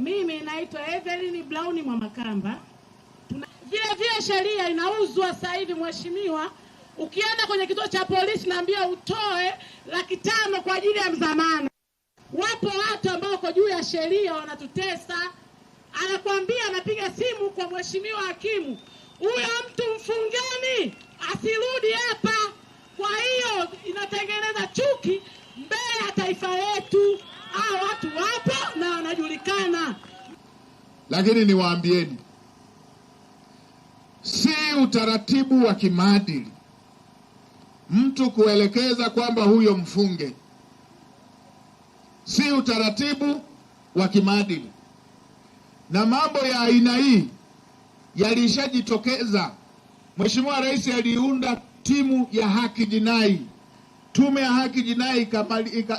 Mimi naitwa Evelyn Brown Mwamakamba. Vile vile sheria inauzwa sasa hivi mheshimiwa, ukienda kwenye kituo cha polisi naambia utoe laki tano kwa ajili ya mzamana. Wapo watu ambao wako juu ya sheria wanatutesa, anakwambia anapiga simu kwa mheshimiwa hakimu Lakini niwaambieni, si utaratibu wa kimaadili mtu kuelekeza kwamba huyo mfunge. Si utaratibu wa kimaadili, na mambo ya aina hii yalishajitokeza. Mheshimiwa Rais aliunda timu ya haki jinai, tume ya haki jinai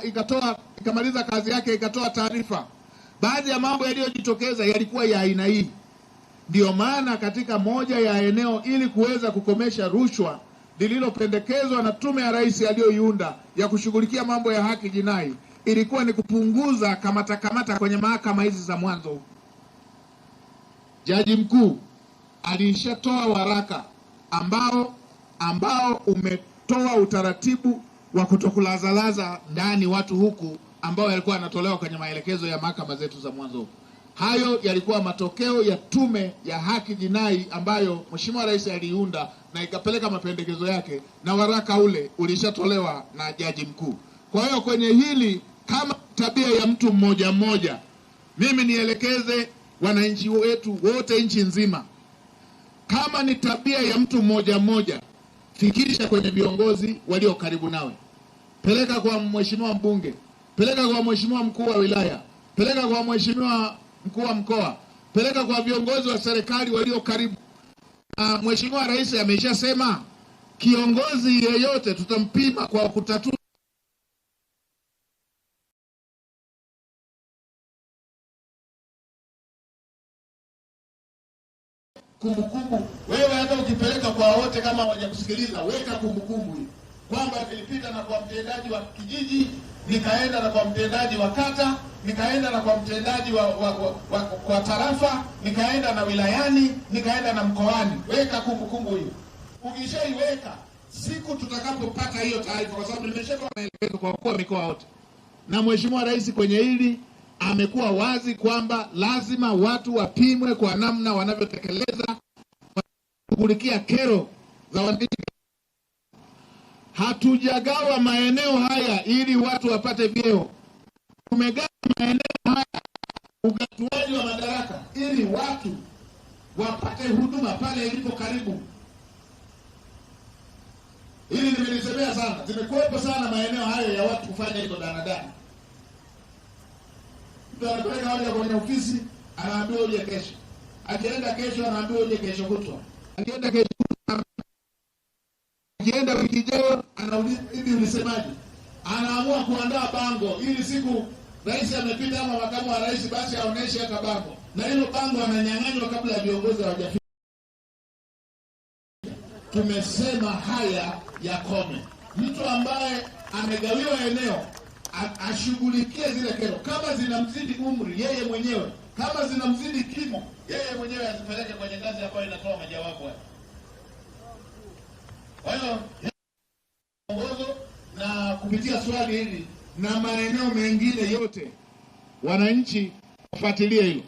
ikatoa ikamaliza kazi yake, ikatoa taarifa. Baadhi ya mambo yaliyojitokeza yalikuwa ya aina hii. Ndiyo maana katika moja ya eneo ili kuweza kukomesha rushwa lililopendekezwa na tume ya rais aliyoiunda ya, ya kushughulikia mambo ya haki jinai ilikuwa ni kupunguza kamata kamata kwenye mahakama hizi za mwanzo. Jaji mkuu alishatoa waraka ambao ambao umetoa utaratibu wa kutokulazalaza ndani watu huku ambayo yalikuwa yanatolewa kwenye maelekezo ya mahakama zetu za mwanzo huko. Hayo yalikuwa matokeo ya tume ya haki jinai ambayo Mheshimiwa Rais aliiunda na ikapeleka mapendekezo yake, na waraka ule ulishatolewa na jaji mkuu. Kwa hiyo kwenye hili, kama tabia ya mtu mmoja mmoja, mimi nielekeze wananchi wetu wote nchi nzima, kama ni tabia ya mtu mmoja mmoja, fikisha kwenye viongozi walio karibu nawe, peleka kwa mheshimiwa mbunge peleka kwa mheshimiwa mkuu wa wilaya, peleka kwa mheshimiwa mkuu wa mkoa, peleka kwa viongozi wa serikali walio karibu. Na mheshimiwa rais ameshasema kiongozi yeyote tutampima kwa kutatua kumbukumbu. Wewe hata ukipeleka kwa wote kama hawajakusikiliza, weka kumbukumbu hii kwamba nilipita na kwa mtendaji wa kijiji, nikaenda na kwa mtendaji wa kata, nikaenda na kwa mtendaji wa, wa, wa, wa kwa tarafa, nikaenda na wilayani, nikaenda na mkoani. Weka kumbukumbu hiyo kumbu. Ukishaiweka siku tutakapopata hiyo taarifa, kwa sababu nimeshatoa maelekezo kwa wakuu wa mikoa wote na Mheshimiwa Rais kwenye hili amekuwa wazi kwamba lazima watu wapimwe kwa namna wanavyotekeleza kushughulikia kero za wananchi hatujagawa maeneo haya ili watu wapate vyeo. Tumegawa maeneo haya ugatuaji wa madaraka ili watu wapate huduma pale ilipo karibu. Hili nimelisemea sana, zimekuwepo sana maeneo hayo ya watu kufanya hizo danadana. Mtu anapeleka hoja kwenye ofisi, anaambiwa uje kesho, akienda kesho, anaambiwa uje kesho kutwa, akienda kesho Akienda wiki ijayo anauliza hivi, ulisemaje? Anaamua kuandaa bango ili siku rais amepita ama makamu wa rais, basi aoneshe hata bango, na hilo bango ananyang'anywa kabla ya viongozi hawajafika. Tumesema haya yakome. Mtu ambaye amegawiwa eneo ashughulikie zile kero, kama zinamzidi umri yeye mwenyewe, kama zinamzidi kimo yeye mwenyewe, azipeleke kwenye ngazi ambayo inatoa majawabu haya. Kwa hiyo ongozo na kupitia swali hili na maeneo mengine yote, wananchi wafuatilie hilo.